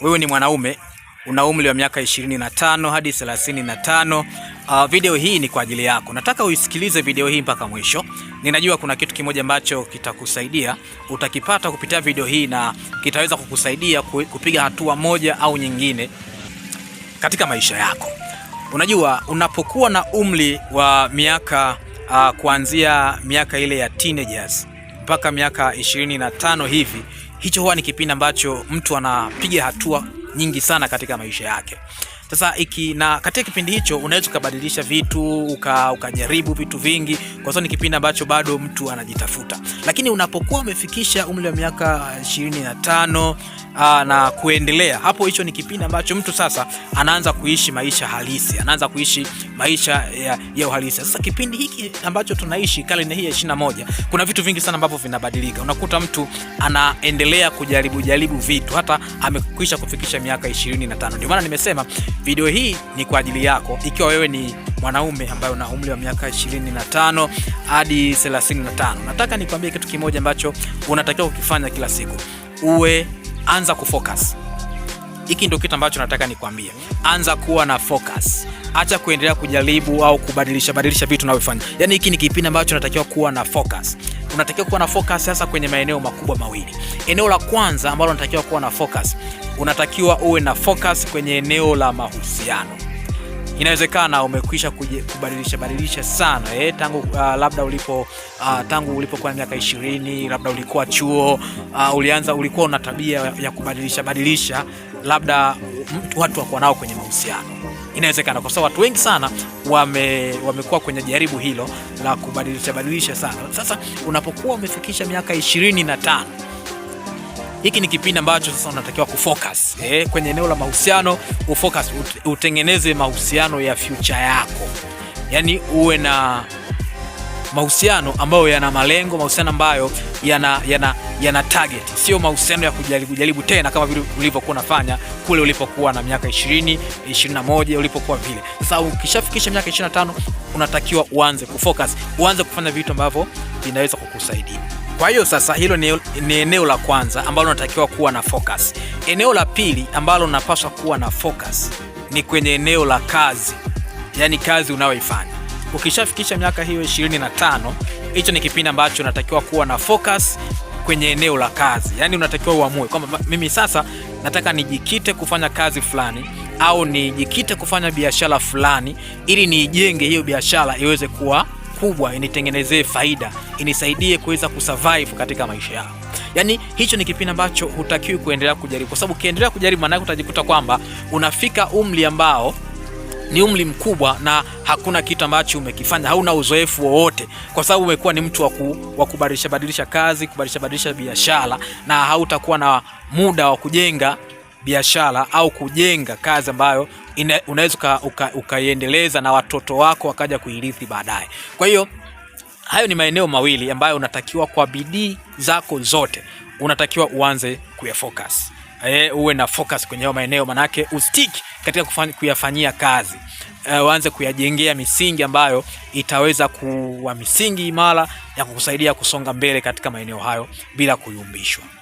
wewe ni mwanaume una umri wa miaka 25 hadi 35. Uh, ah, video hii ni kwa ajili yako. Nataka uisikilize video hii mpaka mwisho. Ninajua kuna kitu kimoja ambacho kitakusaidia, utakipata kupitia video hii na kitaweza kukusaidia kupiga hatua moja au nyingine katika maisha yako. Unajua, unapokuwa na umri wa miaka uh, kuanzia miaka ile ya teenagers mpaka miaka 25 hivi hicho huwa ni kipindi ambacho mtu anapiga hatua nyingi sana katika maisha yake. Sasa iki na katika kipindi hicho unaweza ukabadilisha vitu uka, ukajaribu vitu vingi, kwa sababu ni kipindi ambacho bado mtu anajitafuta. Lakini unapokuwa umefikisha umri wa miaka 25 aa, ah, na kuendelea, hapo hicho ni kipindi ambacho mtu sasa anaanza kuishi maisha halisi, anaanza kuishi maisha ya, ya uhalisia. Sasa kipindi hiki ambacho tunaishi karne hii ya 21, kuna vitu vingi sana ambavyo vinabadilika. Unakuta mtu anaendelea kujaribu jaribu vitu hata amekwisha kufikisha miaka 25. Ndio maana nimesema video hii ni kwa ajili yako, ikiwa wewe ni mwanaume ambaye una umri wa miaka 25 hadi 35. Nataka nikwambie kitu kimoja ambacho unatakiwa kukifanya kila siku, uwe anza kufocus hiki ndio kitu ambacho nataka nikwambie, anza kuwa na focus, acha kuendelea kujaribu au kubadilisha badilisha vitu unavyofanya. Yani hiki ni kipindi ambacho natakiwa kuwa na focus. Unatakiwa kuwa na focus sasa kwenye maeneo makubwa mawili. Eneo la kwanza ambalo unatakiwa kuwa na focus, unatakiwa uwe na focus kwenye eneo la mahusiano inawezekana umekwisha kubadilisha badilisha sana eh, tangu uh, labda ulipo uh, tangu ulipokuwa miaka ishirini, labda ulikuwa chuo uh, ulianza ulikuwa una tabia ya kubadilisha badilisha labda mtu watu wakuwa nao kwenye mahusiano inawezekana kwa sababu watu wengi sana wame wamekuwa kwenye jaribu hilo la kubadilisha badilisha sana. Sasa unapokuwa umefikisha miaka ishirini na tano hiki ni kipindi ambacho sasa unatakiwa kufocus eh, kwenye eneo la mahusiano ufocus, utengeneze mahusiano ya future yako, yaani uwe na mahusiano ambayo yana malengo, mahusiano ambayo yana, yana, yana target, sio mahusiano ya kujaribu jaribu tena kama vile ulivyokuwa unafanya kule ulipokuwa na miaka 20, 21 ulipokuwa vile. Sasa ukishafikisha miaka 25 unatakiwa uanze kufocus, uanze kufanya vitu ambavyo vinaweza kukusaidia. Kwa hiyo sasa hilo ni, ni eneo la kwanza ambalo unatakiwa kuwa na focus. Eneo la pili ambalo unapaswa kuwa na focus ni kwenye eneo la kazi, yani kazi unayoifanya. Ukishafikisha miaka hiyo 25, hicho ni kipindi ambacho unatakiwa kuwa na focus kwenye eneo la kazi, yaani unatakiwa uamue kwamba mimi sasa nataka nijikite kufanya kazi fulani au nijikite kufanya biashara fulani, ili niijenge hiyo biashara iweze kuwa kubwa initengenezee faida, inisaidie kuweza kusurvive katika maisha yao. Yaani hicho ni kipindi ambacho hutakiwi kuendelea kujaribu, kwa sababu ukiendelea kujaribu, maanake utajikuta kwamba unafika umri ambao ni umri mkubwa na hakuna kitu ambacho umekifanya, hauna uzoefu wowote, kwa sababu umekuwa ni mtu wa kubadilisha badilisha kazi, kubadilisha badilisha biashara, na hautakuwa na muda wa kujenga biashara au kujenga kazi ambayo unaweza ukaiendeleza uka na watoto wako wakaja kuirithi baadaye. Kwa hiyo hayo ni maeneo mawili ambayo unatakiwa kwa bidii zako zote unatakiwa uanze kuyafocus. E, uwe na focus kwenye hayo maeneo, manake ustick katika kuyafanyia kazi e, uanze kuyajengea misingi ambayo itaweza kuwa misingi imara ya kukusaidia kusonga mbele katika maeneo hayo bila kuyumbishwa.